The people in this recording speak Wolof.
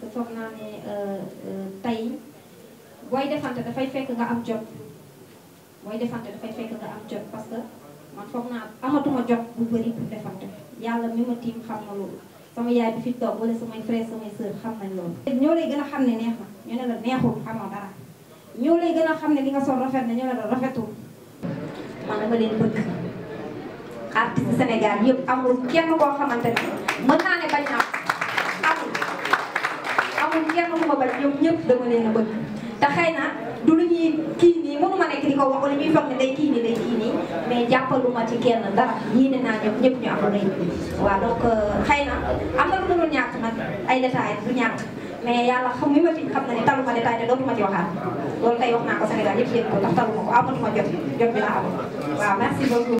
te foog naa ne tey booy defante dafay fekk nga am jot booy defante dafay fekk nga am jot parce que man foog naa amatuma jot bu bëri pour defante yàlla mi ma tiim xam na loolu sama yaay bi fi toog wala samay frère samay sœur xam nañ loolu ñoo lay gën a xam ne neex na ñu ne la neexul xamoo dara ñoo lay gën a xam ne li nga sol rafet na ñu ne la rafetul man dama leen bëgg artiste Sénégal yëpp amul kenn koo xamante ne mën naa ne bañ naa ak kenn ku ma bañ ñoom ñëpp dama leen a bëgg te xëy na du lu ñuy kii nii mënuma nekk di ko wax wala ñuy foog ne day kii nii day kii nii mais jàppaluma ci kenn dara yéene naa ñoom ñëpp ñu am rëy waaw donc euh, xëy na am na lu mënul ñàkk nag ay détails du ñàkk mais yàlla xam mi ma na ne taluma détail ne dootuma ci waxaat loolu tey wax naa ko Sénégal yëpp dégg ko tax taluma ko amatuma jot jot bi laa am waaw merci beaucoup